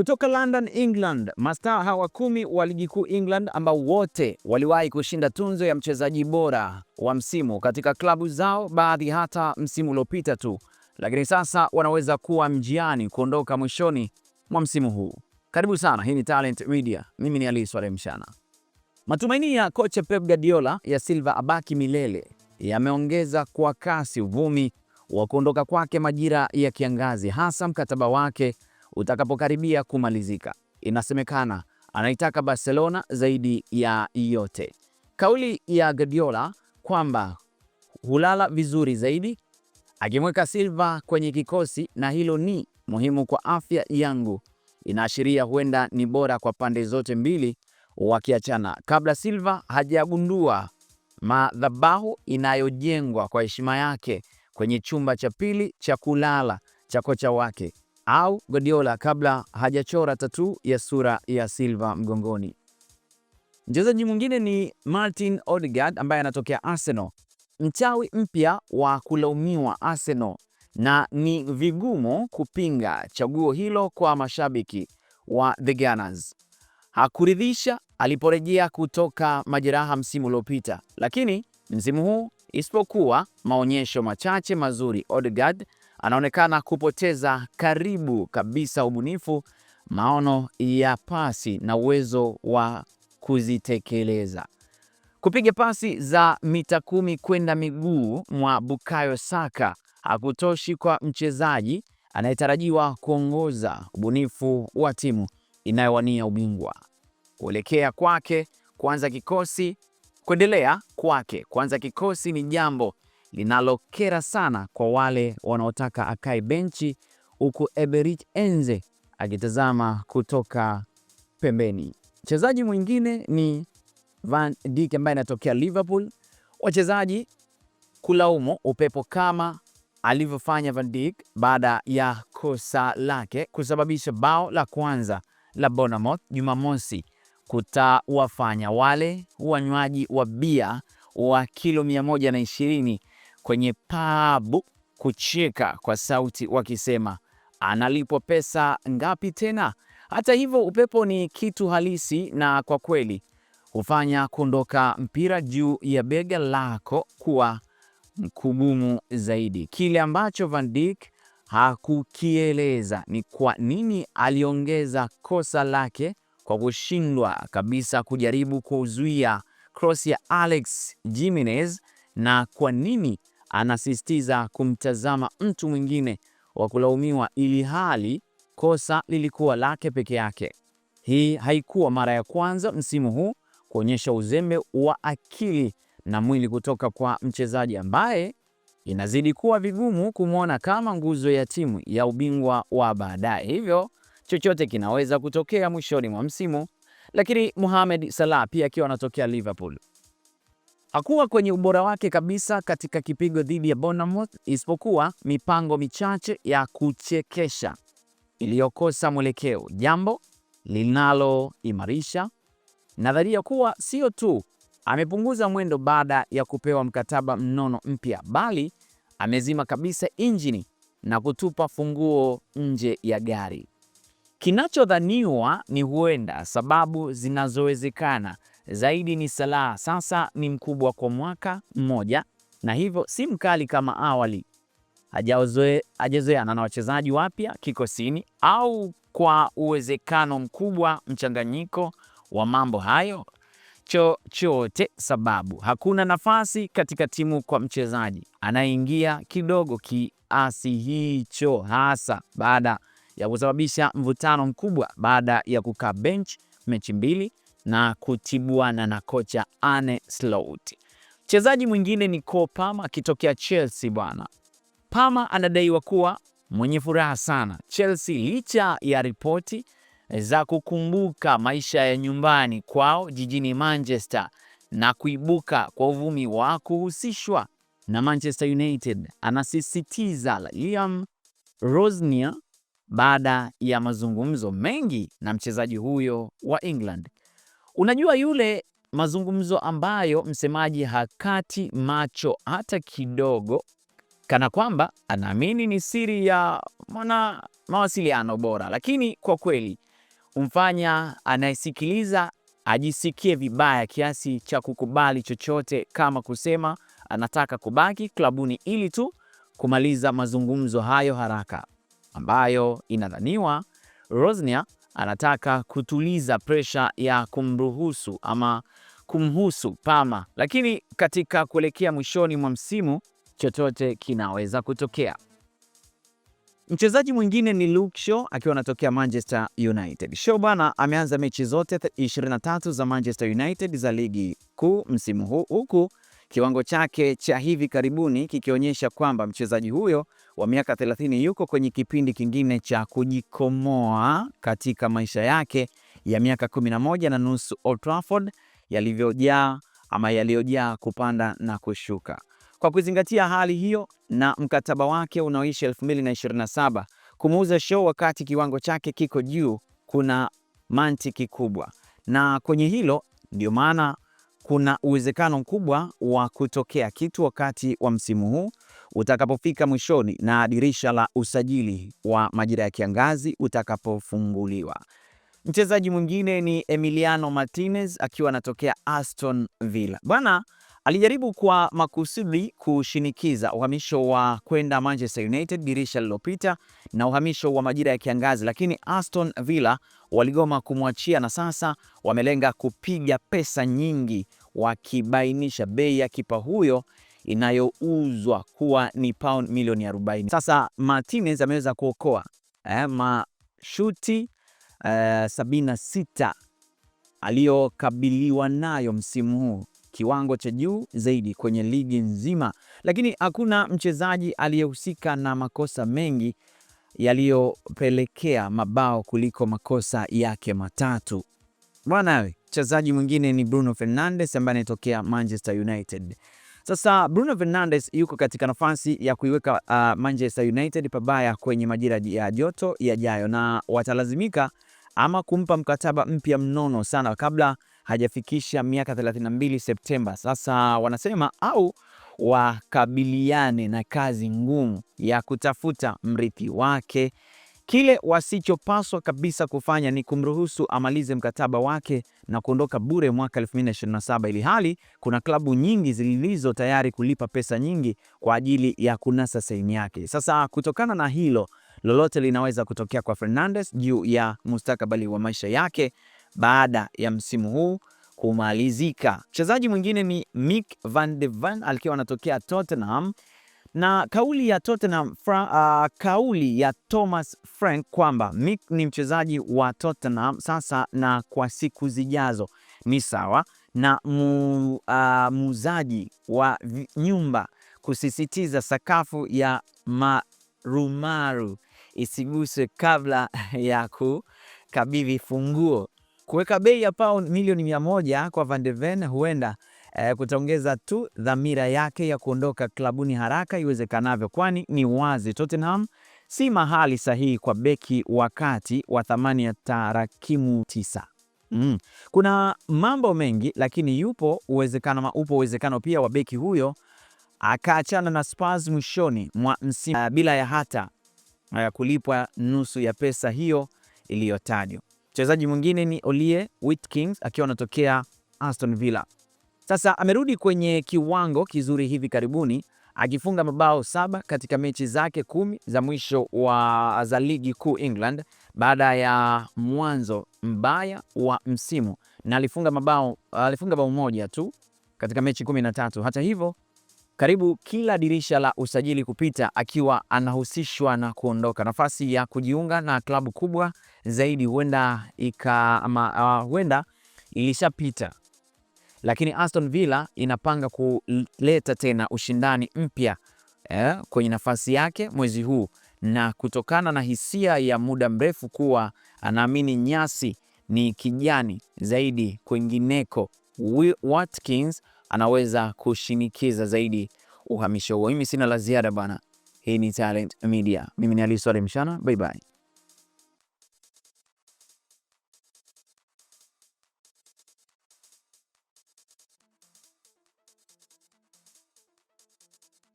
Kutoka London, England, mastaa hawa kumi wa ligi kuu England ambao wote waliwahi kushinda tunzo ya mchezaji bora wa msimu katika klabu zao, baadhi hata msimu uliopita tu, lakini sasa wanaweza kuwa mjiani kuondoka mwishoni mwa msimu huu. Karibu sana, hii ni Talent Media. Mimi ni Ali Swaleh Mshana. Matumaini ya kocha Pep Guardiola ya Silva abaki milele yameongeza kwa kasi uvumi wa kuondoka kwake majira ya kiangazi, hasa mkataba wake utakapokaribia kumalizika. Inasemekana anaitaka Barcelona zaidi ya yote. Kauli ya Guardiola kwamba hulala vizuri zaidi akimweka Silva kwenye kikosi na hilo ni muhimu kwa afya yangu, inaashiria huenda ni bora kwa pande zote mbili wakiachana kabla Silva hajagundua madhabahu inayojengwa kwa heshima yake kwenye chumba cha pili cha kulala cha kocha wake au Guardiola kabla hajachora tatu ya sura ya Silva mgongoni. Mchezaji mwingine ni Martin Odegaard ambaye anatokea Arsenal, mchawi mpya wa kulaumiwa Arsenal, na ni vigumu kupinga chaguo hilo kwa mashabiki wa The Gunners. Hakuridhisha aliporejea kutoka majeraha msimu uliopita, lakini msimu huu isipokuwa maonyesho machache mazuri, Odegaard anaonekana kupoteza karibu kabisa ubunifu, maono ya pasi na uwezo wa kuzitekeleza. Kupiga pasi za mita kumi kwenda miguu mwa Bukayo Saka hakutoshi kwa mchezaji anayetarajiwa kuongoza ubunifu wa timu inayowania ubingwa. Kuelekea kwake kuanza kikosi, kuendelea kwake kuanza kikosi ni jambo linalokera sana kwa wale wanaotaka akae benchi, huku Eberich enze akitazama kutoka pembeni. Mchezaji mwingine ni Van Dijk ambaye anatokea Liverpool. Wachezaji kulaumu upepo kama alivyofanya Van Dijk baada ya kosa lake kusababisha bao la kwanza la Bournemouth Jumamosi kutawafanya wale wanywaji wa bia wa kilo 120 kwenye pabu kucheka kwa sauti wakisema analipwa pesa ngapi tena? Hata hivyo, upepo ni kitu halisi na kwa kweli hufanya kuondoka mpira juu ya bega lako kuwa mkugumu zaidi. Kile ambacho Van Dijk hakukieleza ni kwa nini aliongeza kosa lake kwa kushindwa kabisa kujaribu kuzuia cross ya Alex Jimenez na kwa nini anasisitiza kumtazama mtu mwingine wa kulaumiwa ili hali kosa lilikuwa lake peke yake. Hii haikuwa mara ya kwanza msimu huu kuonyesha uzembe wa akili na mwili kutoka kwa mchezaji ambaye inazidi kuwa vigumu kumwona kama nguzo ya timu ya ubingwa wa baadaye. Hivyo chochote kinaweza kutokea mwishoni mwa msimu, lakini Mohamed Salah pia akiwa anatokea Liverpool hakuwa kwenye ubora wake kabisa katika kipigo dhidi ya Bournemouth, isipokuwa mipango michache ya kuchekesha iliyokosa mwelekeo, jambo linaloimarisha nadharia kuwa sio tu amepunguza mwendo baada ya kupewa mkataba mnono mpya, bali amezima kabisa injini na kutupa funguo nje ya gari. Kinachodhaniwa ni huenda sababu zinazowezekana zaidi ni Salah, sasa ni mkubwa kwa mwaka mmoja na hivyo si mkali kama awali. Hajazoeana na wachezaji wapya kikosini au kwa uwezekano mkubwa mchanganyiko wa mambo hayo chochote, sababu hakuna nafasi katika timu kwa mchezaji anayeingia kidogo kiasi hicho, hasa baada ya kusababisha mvutano mkubwa baada ya kukaa bench mechi mbili na kutibuana na kocha Arne Slot. Mchezaji mwingine ni Cole Palmer akitokea Chelsea bwana. Palmer anadaiwa kuwa mwenye furaha sana Chelsea licha ya ripoti za kukumbuka maisha ya nyumbani kwao jijini Manchester na kuibuka kwa uvumi wa kuhusishwa na Manchester United. Anasisitiza Liam rosnia baada ya mazungumzo mengi na mchezaji huyo wa England. Unajua yule mazungumzo ambayo msemaji hakati macho hata kidogo, kana kwamba anaamini ni siri ya mwana mawasiliano bora, lakini kwa kweli humfanya anayesikiliza ajisikie vibaya kiasi cha kukubali chochote, kama kusema anataka kubaki klabuni ili tu kumaliza mazungumzo hayo haraka, ambayo inadhaniwa Rosnia anataka kutuliza presha ya kumruhusu ama kumhusu pama lakini katika kuelekea mwishoni mwa msimu chochote kinaweza kutokea. Mchezaji mwingine ni Luke Shaw akiwa anatokea Manchester United. Shaw bana ameanza mechi zote 23 za Manchester United za ligi kuu msimu huu huku kiwango chake cha hivi karibuni kikionyesha kwamba mchezaji huyo wa miaka 30 yuko kwenye kipindi kingine cha kujikomoa katika maisha yake ya miaka 11 na nusu Old Trafford yalivyojaa ama yaliyojaa kupanda na kushuka. Kwa kuzingatia hali hiyo na mkataba wake unaoisha 2027, kumuuza Shaw wakati kiwango chake kiko juu kuna mantiki kubwa, na kwenye hilo ndio maana kuna uwezekano mkubwa wa kutokea kitu wakati wa msimu huu utakapofika mwishoni na dirisha la usajili wa majira ya kiangazi utakapofunguliwa. Mchezaji mwingine ni Emiliano Martinez akiwa anatokea Aston Villa bwana. Alijaribu kwa makusudi kushinikiza uhamisho wa kwenda Manchester United dirisha lililopita na uhamisho wa majira ya kiangazi, lakini Aston Villa waligoma kumwachia na sasa wamelenga kupiga pesa nyingi, wakibainisha bei ya kipa huyo inayouzwa kuwa ni pound milioni 40. Sasa Martinez ameweza kuokoa eh, mashuti eh, 76 aliyokabiliwa nayo msimu huu kiwango cha juu zaidi kwenye ligi nzima, lakini hakuna mchezaji aliyehusika na makosa mengi yaliyopelekea mabao kuliko makosa yake matatu. Bwana, mchezaji mwingine ni Bruno Fernandes ambaye anatokea Manchester United. Sasa Bruno Fernandes yuko katika nafasi ya kuiweka uh, Manchester United pabaya kwenye majira ya joto yajayo, na watalazimika ama kumpa mkataba mpya mnono sana kabla hajafikisha miaka 32 Septemba. Sasa wanasema au wakabiliane na kazi ngumu ya kutafuta mrithi wake. Kile wasichopaswa kabisa kufanya ni kumruhusu amalize mkataba wake na kuondoka bure mwaka 2027, ili hali kuna klabu nyingi zilizo tayari kulipa pesa nyingi kwa ajili ya kunasa saini yake. Sasa kutokana na hilo, lolote linaweza kutokea kwa Fernandes juu ya mustakabali wa maisha yake baada ya msimu huu kumalizika. Mchezaji mwingine ni Mick van de Ven alikuwa anatokea Tottenham na kauli ya Tottenham fra, uh, kauli ya Thomas Frank kwamba Mick ni mchezaji wa Tottenham sasa na kwa siku zijazo ni sawa na ah, muuzaji uh, wa nyumba kusisitiza sakafu ya marumaru isiguswe kabla ya kukabidhi funguo. Kuweka bei ya pauni milioni mia moja kwa Van de Ven huenda eh, kutaongeza tu dhamira yake ya kuondoka klabuni haraka iwezekanavyo, kwani ni wazi Tottenham si mahali sahihi kwa beki wakati wa thamani ya tarakimu tisa. Mm. Kuna mambo mengi lakini yupo uwezekano, upo uwezekano pia wa beki huyo akaachana na Spurs mwishoni mwa msimu uh, bila ya hata uh, kulipwa nusu ya pesa hiyo iliyotajwa. Mchezaji mwingine ni olie Witkings akiwa anatokea Aston Villa. Sasa amerudi kwenye kiwango kizuri hivi karibuni akifunga mabao saba katika mechi zake kumi za mwisho wa za ligi kuu England baada ya mwanzo mbaya wa msimu na alifunga mabao, alifunga bao moja tu katika mechi kumi na tatu. Hata hivyo karibu kila dirisha la usajili kupita akiwa anahusishwa na kuondoka. Nafasi ya kujiunga na klabu kubwa zaidi huenda ika ama, uh, huenda ilishapita, lakini Aston Villa inapanga kuleta tena ushindani mpya eh, kwenye nafasi yake mwezi huu, na kutokana na hisia ya muda mrefu kuwa anaamini nyasi ni kijani zaidi kwingineko, Watkins anaweza kushinikiza zaidi uhamisho huo. Mimi sina la ziada bana. Hii ni Talent Media, mimi ni Ali Swale Mshana, bye bye.